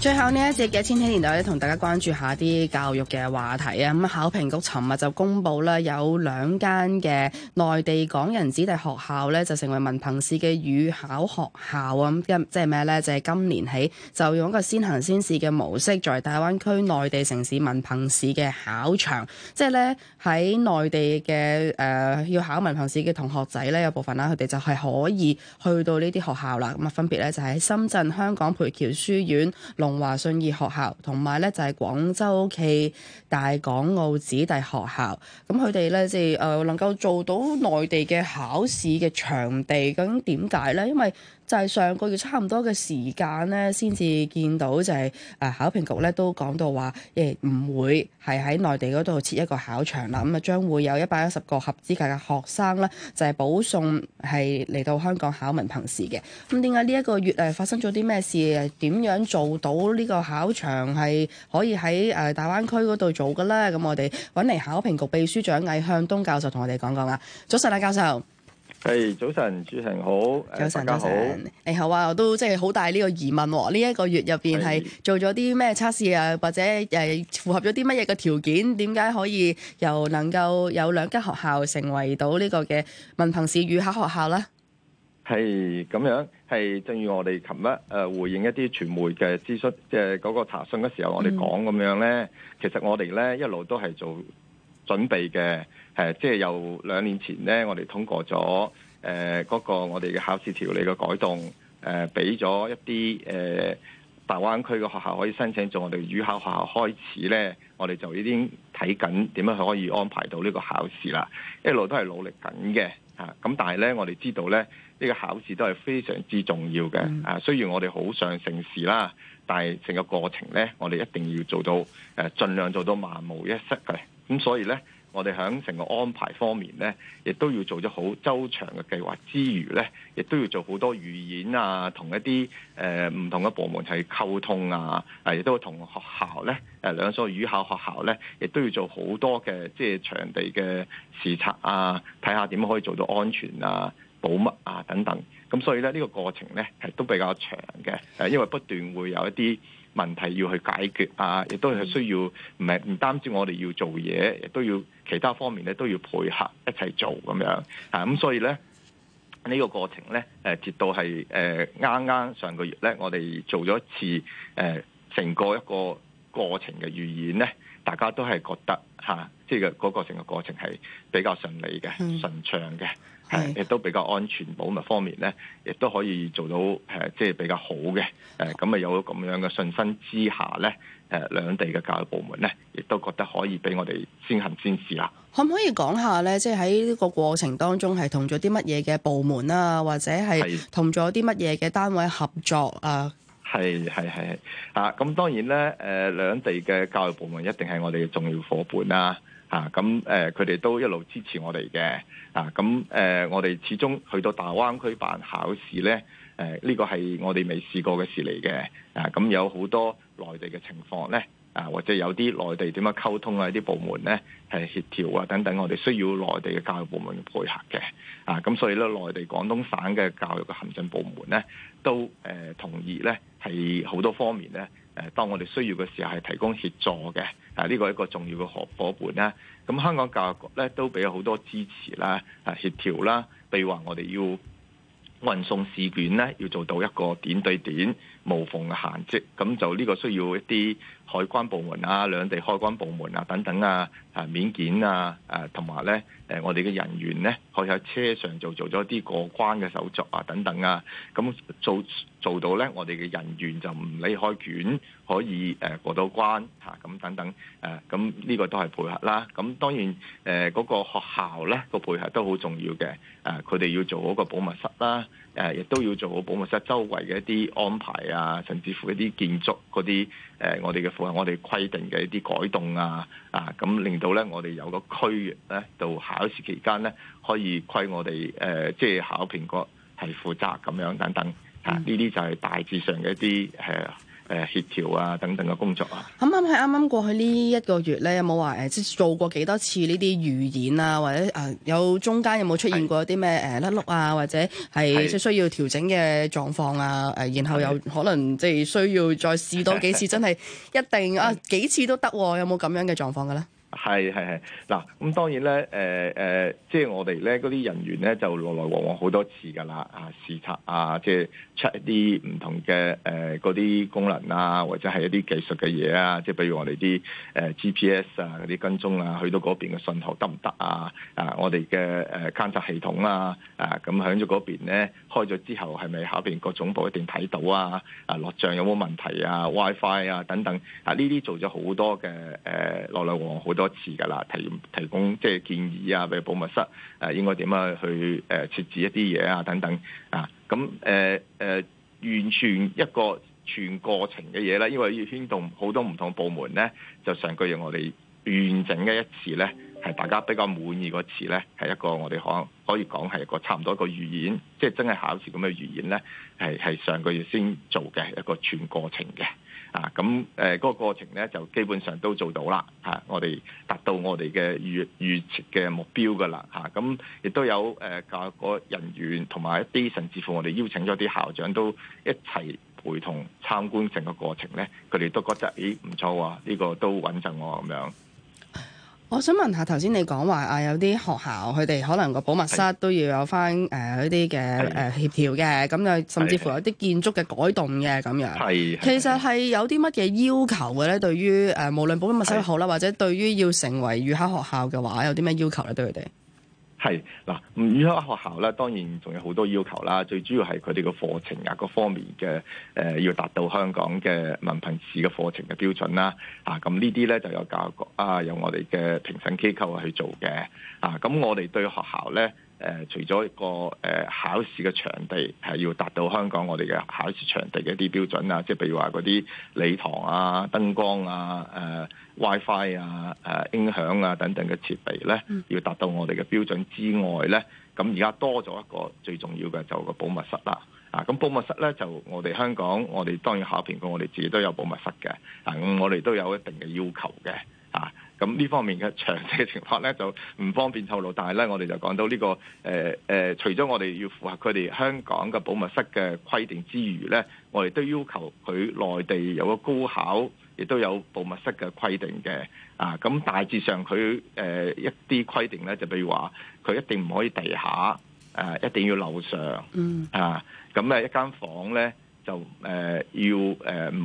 最後呢一節嘅千禧年代咧，同大家關注下啲教育嘅話題啊！咁考評局尋日就公布啦，有兩間嘅內地港人子弟學校咧，就成為文憑試嘅語考學校啊！咁即係咩咧？就係、是、今年起就用一個先行先試嘅模式，作為大灣區內地城市文憑試嘅考場，即係咧喺內地嘅誒、呃，要考文憑試嘅同學仔咧，有部分啦，佢哋就係可以去到呢啲學校啦。咁啊，分別咧就喺深圳香港培僑書院、同華信義學校，同埋咧就係廣州暨大港澳子弟學校，咁佢哋咧即係誒，能夠做到內地嘅考試嘅場地，究竟點解咧？因為就係、是、上個月差唔多嘅時間咧，先至見到就係、是啊、考評局咧都講到話誒唔會係喺內地嗰度設一個考場啦。咁啊將會有一百一十個合資格嘅學生咧，就係、是、保送係嚟到香港考文憑試嘅。咁點解呢一個月誒發生咗啲咩事？點樣做到呢個考場係可以喺、啊、大灣區嗰度做嘅啦？咁我哋搵嚟考評局秘書長魏向東教授同我哋講講啊。早晨啊，教授。.係、hey, 早晨，朱晨。好，早晨多謝。誒，你好啊，我都即係好大呢個疑問喎。呢一個月入邊係做咗啲咩測試啊？或者誒符合咗啲乜嘢嘅條件？點解可以又能夠有兩間學校成為到這個學學呢個嘅文憑試預考學校咧？係、hey, 咁樣，係正如我哋琴日誒回應一啲傳媒嘅諮詢，即係個查詢嘅時候，我哋講咁樣咧、嗯，其實我哋咧一路都係做。準備嘅誒、呃，即係由兩年前呢，我哋通過咗誒嗰個我哋嘅考試條例嘅改動，誒俾咗一啲誒大灣區嘅學校可以申請做我哋語考學校開始呢，我哋就已經睇緊點樣可以安排到呢個考試啦。一路都係努力緊嘅嚇，咁、啊、但係呢，我哋知道呢，呢、呢個考試都係非常之重要嘅啊。雖然我哋好想成事啦，但係成個過程呢，我哋一定要做到誒，儘、啊、量做到萬無一失嘅。咁所以咧，我哋響成個安排方面咧，亦都要做咗好周詳嘅計劃之餘咧，亦都要做好多預演啊，一些呃、不同一啲誒唔同嘅部門去溝通啊，誒、啊、亦都會同學校咧，誒、啊、兩所語校學校咧，亦都要做好多嘅即係場地嘅視察啊，睇下點樣可以做到安全啊、保密啊等等。咁所以咧，呢、這個過程咧係都比較長嘅，誒、啊，因為不斷會有一啲問題要去解決啊，亦都係需要唔係唔單止我哋要做嘢，亦都要其他方面咧都要配合一齊做咁樣，咁所以咧呢、呢個過程咧，誒，直到係誒啱啱上個月咧，我哋做咗一次誒，成、呃、個一個過程嘅預演咧，大家都係覺得吓，即、啊、係、就是、個嗰個成個過程係比較順利嘅、順暢嘅。係，亦都比較安全保密方面咧，亦都可以做到誒、呃，即係比較好嘅。誒咁啊，有咁樣嘅信心之下咧，誒、呃、兩地嘅教育部門咧，亦都覺得可以俾我哋先行先試啦。可唔可以講下咧？即係喺呢個過程當中係同咗啲乜嘢嘅部門啊，或者係同咗啲乜嘢嘅單位合作啊？係係係啊！咁當然咧，誒、呃、兩地嘅教育部門一定係我哋嘅重要伙伴啦、啊。啊，咁誒，佢哋都一路支持我哋嘅，啊，咁、啊、誒，我哋始終去到大灣區辦考試咧，誒，呢個係我哋未試過嘅事嚟嘅，啊，咁、啊啊、有好多內地嘅情況咧，啊，或者有啲內地點樣溝通啊，啲部門咧係協調啊等等，我哋需要內地嘅教育部門配合嘅，啊，咁、啊、所以咧，內地廣東省嘅教育嘅行政部門咧，都誒、啊、同意咧，係好多方面咧。誒，當我哋需要嘅時候係提供協助嘅，啊，呢個係一個重要嘅合伙伴啦。咁香港教育局咧都俾好多支持啦，啊，協調啦。譬如話我哋要運送試卷呢，要做到一個點對點無縫嘅連接，咁就呢個需要一啲海關部門啊、兩地海關部門啊等等啊啊免檢啊，同埋呢我哋嘅人員呢，可以喺車上就做咗啲過關嘅手續啊等等啊，咁做做到呢，我哋嘅人員就唔理開卷。可以誒過到關嚇，咁等等，誒咁呢個都係配合啦。咁當然誒嗰、呃嗰個學校咧，呢個配合都好重要嘅。誒佢哋要做好個保密室啦，誒、啊、亦都要做好保密室周圍嘅一啲安排啊，甚至乎一啲建築嗰啲誒我哋嘅符合我哋規定嘅一啲改動啊，啊咁令到咧我哋有個區域咧，到考試期間咧可以歸我哋，誒即係考評局係負責咁樣等等嚇，呢啲就係大致上嘅一啲誒。啊誒協調啊，等等嘅工作啊，啱啱係啱啱過去呢一個月咧，有冇話誒即做過幾多次呢啲預演啊，或者誒、呃、有中間有冇出現過啲咩誒甩碌啊，或者係即需要調整嘅狀況啊、呃？然後有可能即係需要再試多幾次，真係一定啊、呃、幾次都得、啊，有冇咁樣嘅狀況嘅咧？係係係，嗱，咁當然咧，誒、呃、誒即係我哋咧啲人員咧就來來往往好多次噶啦，啊視察啊，即係出一啲唔同嘅誒啲功能啊，或者係一啲技術嘅嘢啊，即係比如我哋啲誒 GPS 啊啲跟蹤啊，去到邊嘅信號得唔得啊？啊，我哋嘅誒監察系統啊，啊咁響咗邊咧開咗之後係咪下邊個總部一定睇到啊？啊錄像有冇問題啊？WiFi 啊等等啊呢啲做咗好多嘅誒、啊、來來往往好多次噶啦，提提供即係建議啊，譬如保密室誒、呃，應該點樣去誒設、呃、置一啲嘢啊等等啊，咁誒誒，完全一個全過程嘅嘢啦，因為要牽動好多唔同部門咧，就上個月我哋完整嘅一次咧，係大家比較滿意個詞咧，係一個我哋可可以講係一個差唔多一個預演，即係真係考試咁嘅預演咧，係係上個月先做嘅一個全過程嘅。啊，咁誒嗰個過程咧就基本上都做到啦，嚇！我哋達到我哋嘅預預設嘅目標噶啦，嚇！咁亦都有誒教育人員同埋一啲，甚至乎我哋邀請咗啲校長都一齊陪同參觀成個過程咧，佢哋都覺得咦，唔錯喎，呢個都穩陣我咁樣。我想問下，頭先你講話啊，有啲學校佢哋可能個保密室都要有翻誒一啲嘅誒協調嘅，咁啊甚至乎有啲建築嘅改動嘅咁樣係。其實係有啲乜嘢要求嘅咧？對於誒、呃、無論保密室好啦，或者對於要成為預考學校嘅話，有啲咩要求咧？對佢哋？係嗱，咁依家學校咧當然仲有好多要求啦，最主要係佢哋嘅課程啊，各方面嘅、呃、要達到香港嘅文憑試嘅課程嘅標準啦，咁、啊、呢啲咧就有教育局啊，有我哋嘅評審機構去做嘅，啊咁我哋對學校咧。誒、呃、除咗一個誒、呃、考試嘅場地係、呃、要達到香港我哋嘅考試場地嘅一啲標準啊，即係比如話嗰啲禮堂啊、燈光啊、誒、呃、WiFi 啊、誒、呃、音響啊等等嘅設備咧，要達到我哋嘅標準之外咧，咁而家多咗一個最重要嘅就個保密室啦。啊，咁保密室咧就我哋香港，我哋當然考評局我哋自己都有保密室嘅，啊，我哋都有一定嘅要求嘅，啊。咁呢方面嘅詳細情況咧就唔方便透露，但係咧我哋就講到呢個、呃呃、除咗我哋要符合佢哋香港嘅保密室嘅規定之餘咧，我哋都要求佢內地有個高考，亦都有保密室嘅規定嘅。啊，咁大致上佢、呃、一啲規定咧，就比如話佢一定唔可以地下、啊，一定要樓上，嗯啊，咁誒一間房咧。就誒、呃、要誒唔、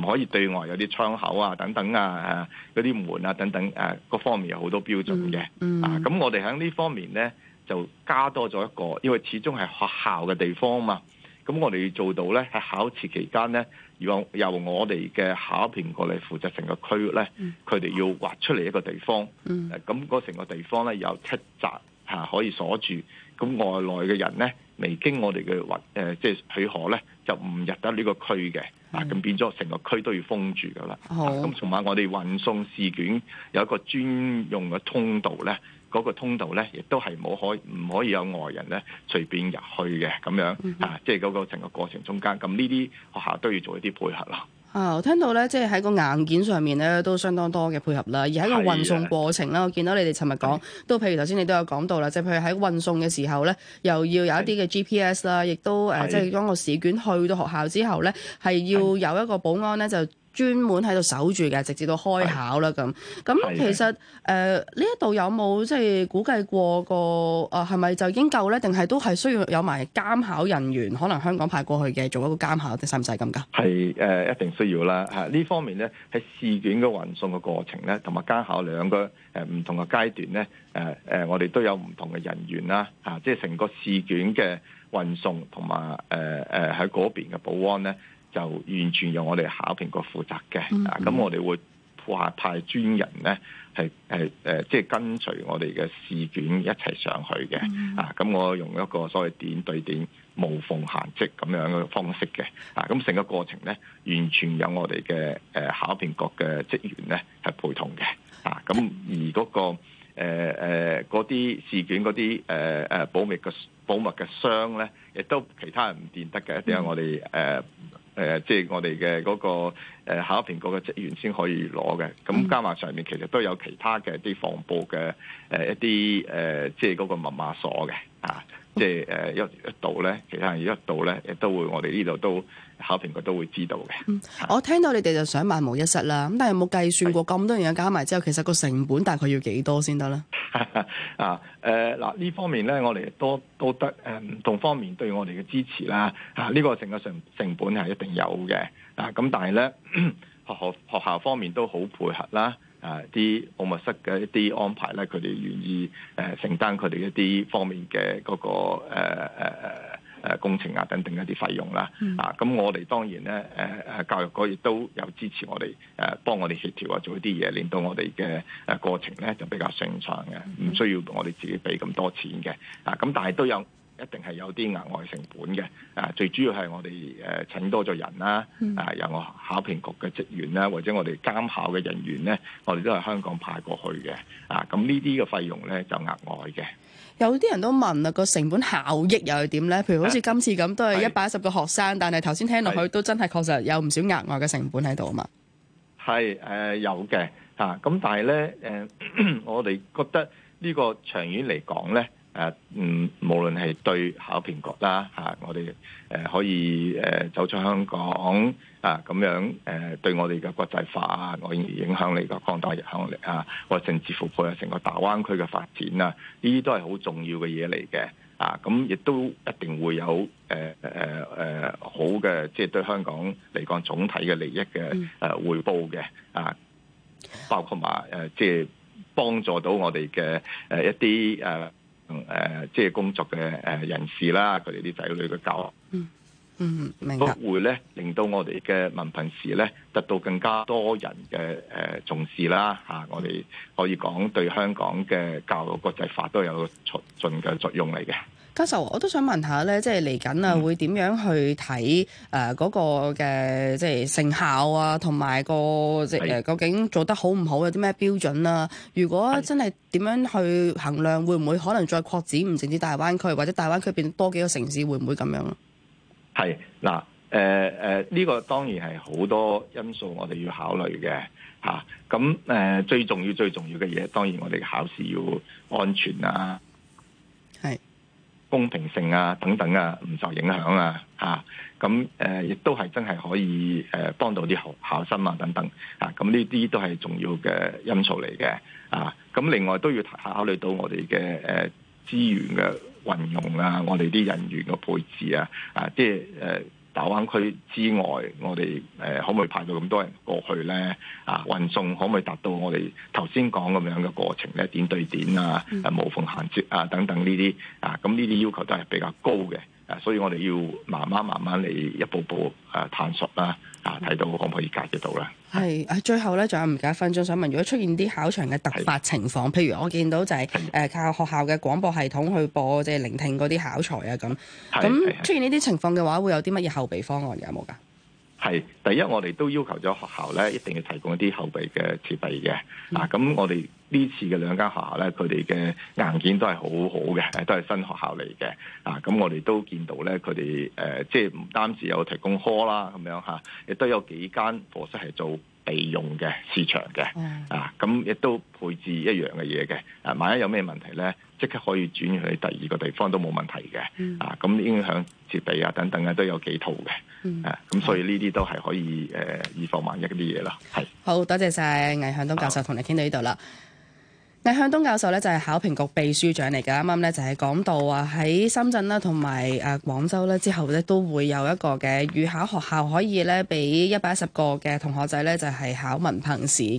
呃、可以對外有啲窗口啊、等等啊、嗰啲門啊、等等誒、啊，各方面有好多標準嘅、嗯。嗯。啊，咁我哋喺呢方面咧，就加多咗一個，因為始終係學校嘅地方嘛。咁我哋要做到咧，喺考試期間咧，由由我哋嘅考評過嚟負責成個區域咧，佢、嗯、哋要劃出嚟一個地方。嗯。咁嗰成個地方咧有七閘嚇、啊、可以鎖住，咁外來嘅人咧，未經我哋嘅運誒，即係許可咧，就唔入得呢個區嘅。啊，咁變咗成個區都要封住噶啦。好。咁同埋我哋運送試卷有一個專用嘅通道咧，嗰個通道咧，亦都係冇可唔可以有外人咧隨便入去嘅咁樣啊。即係嗰個成個過程中間，咁呢啲學校都要做一啲配合啦。啊！我聽到咧，即係喺個硬件上面咧都相當多嘅配合啦，而喺個運送過程啦，我見到你哋尋日講，都譬如頭先你都有講到啦，即係譬如喺運送嘅時候咧，又要有一啲嘅 GPS 啦，亦都誒，即係當個試卷去到學校之後咧，係要有一個保安咧就專門喺度守住嘅，直至到開考啦咁。咁其實誒呢一度有冇即係估計過個誒係咪就已經夠咧？定係都係需要有埋監考人員，可能香港派過去嘅做一個監考，即使唔使咁噶？係誒、呃，一定需要啦嚇。呢、啊、方面咧，喺試卷嘅運送嘅過程咧，同埋監考兩個誒唔、呃、同嘅階段咧，誒、呃、誒、呃，我哋都有唔同嘅人員啦嚇、啊。即係成個試卷嘅運送同埋誒誒喺嗰邊嘅保安咧。就完全由我哋考評局負責嘅，咁、mm -hmm. 我哋會話派專人咧，係係誒，即係、呃就是、跟隨我哋嘅試卷一齊上去嘅，mm -hmm. 啊，咁我用一個所謂點對點無縫銜接咁樣嘅方式嘅，啊，咁成個過程咧，完全有我哋嘅誒考評局嘅職員咧係陪同嘅，啊，咁而嗰、那個誒誒嗰啲試卷嗰啲誒誒保密嘅保密嘅箱咧，亦都其他人唔掂得嘅，因、mm、為 -hmm. 我哋誒？呃誒，即係我哋嘅嗰個誒考評局嘅職員先可以攞嘅，咁加埋上面其實都有其他嘅啲防暴嘅誒，一啲誒，即係嗰個密碼鎖嘅啊。即係誒一一度咧，其他人一度咧，亦都會我哋呢度都考評局都會知道嘅。我聽到你哋就想萬無一失啦，咁但係有冇計算過咁多樣嘢加埋之後，其實個成本大概要幾多先得咧？ 啊，誒、呃、嗱，呢方面咧，我哋都都得誒，唔、嗯、同方面對我哋嘅支持啦。吓、啊、呢、這個成個成成本係一定有嘅。啊，咁但係咧，學學學校方面都好配合啦。啊！啲保密室嘅一啲安排咧，佢哋願意誒、呃、承擔佢哋一啲方面嘅嗰、那個誒誒誒工程啊等等一啲費用啦。Mm. 啊，咁我哋當然咧誒誒教育局亦都有支持我哋誒、啊、幫我哋協調啊，做一啲嘢，令到我哋嘅誒過程咧就比較順暢嘅，唔需要我哋自己俾咁多錢嘅。啊，咁但係都有。一定係有啲額外成本嘅，啊，最主要係我哋誒、呃、請多咗人啦，啊，由我考評局嘅職員啦，或者我哋監考嘅人員咧，我哋都係香港派過去嘅，啊，咁呢啲嘅費用咧就額外嘅。有啲人都問啦，啊，那個成本效益又係點咧？譬如好似今次咁，都係一百一十個學生，是但係頭先聽落去都真係確實有唔少額外嘅成本喺度、呃、啊嘛。係誒有嘅嚇，咁但係咧誒，我哋覺得呢個長遠嚟講咧。誒嗯，無論係對考評局啦嚇，我哋誒可以誒走出香港啊咁樣誒，對我哋嘅國際化啊，我影響力嘅擴大影響力啊，或者甚至乎配合成個大灣區嘅發展啊，呢啲都係好重要嘅嘢嚟嘅啊！咁亦都一定會有誒誒誒好嘅，即係對香港嚟講總體嘅利益嘅誒回報嘅啊，包括埋誒即係幫助到我哋嘅誒一啲誒。呃誒，即係工作嘅誒人士啦，佢哋啲仔女嘅教育。嗯，明白。會咧，令到我哋嘅文憑試咧，得到更加多人嘅誒、呃、重視啦。吓、嗯，我哋可以講，對香港嘅教育國際化都有促進嘅作用嚟嘅。教授，我都想問一下咧，即係嚟緊啊，會點樣去睇誒嗰個嘅即係成效啊，同埋、那個即係究竟做得好唔好，有啲咩標準啊？如果真係點樣去衡量，會唔會可能再擴展唔淨止大灣區，或者大灣區變多幾個城市，會唔會咁樣咧？係嗱，誒、呃、誒，呢、這個當然係好多因素我哋要考慮嘅，吓咁誒最重要最重要嘅嘢，當然我哋考試要安全啊，係公平性啊等等啊，唔受影響啊，吓咁誒亦都係真係可以誒幫到啲學考生啊等等，啊咁呢啲都係重要嘅因素嚟嘅，啊咁、啊、另外都要考考慮到我哋嘅誒資源嘅。運用啦、啊，我哋啲人員個配置啊，啊，即係誒大灣區之外，我哋誒、呃、可唔可以派到咁多人過去咧？啊，運送可唔可以達到我哋頭先講咁樣嘅過程咧？點對點啊，誒、啊、無縫銜接啊，等等呢啲啊，咁呢啲要求都係比較高嘅。啊！所以我哋要慢慢慢慢嚟，一步步啊探索啦，啊睇到可唔可以解決到咧？係啊，最後咧仲有唔幾分鐘想問：如果出現啲考場嘅突發情況，譬如我見到就係、是、誒、呃、靠學校嘅廣播系統去播，即、就、係、是、聆聽嗰啲考材啊咁。咁出現呢啲情況嘅話，會有啲乜嘢後備方案有有？有冇㗎？係第一，我哋都要求咗學校咧，一定要提供一啲後備嘅設備嘅。啊，咁我哋呢次嘅兩間學校咧，佢哋嘅硬件都係好好嘅，都係新學校嚟嘅。啊，咁我哋都見到咧，佢哋誒即係唔單止有提供 hall 啦，咁樣嚇，亦都有幾間課室係做。備用嘅市場嘅、嗯、啊，咁亦都配置一樣嘅嘢嘅啊，萬一有咩問題咧，即刻可以轉去第二個地方都冇問題嘅、嗯、啊，咁影響設備啊等等啊都有幾套嘅、嗯、啊，咁所以呢啲都係可以誒以防萬一啲嘢咯，係好多謝晒魏向東教授，同你傾到呢度啦。魏向東教授咧就係考評局秘書長嚟嘅，啱啱咧就係講到啊，喺深圳啦同埋誒廣州啦之後咧都會有一個嘅預考學校可以咧俾一百一十個嘅同學仔咧就係考文憑試。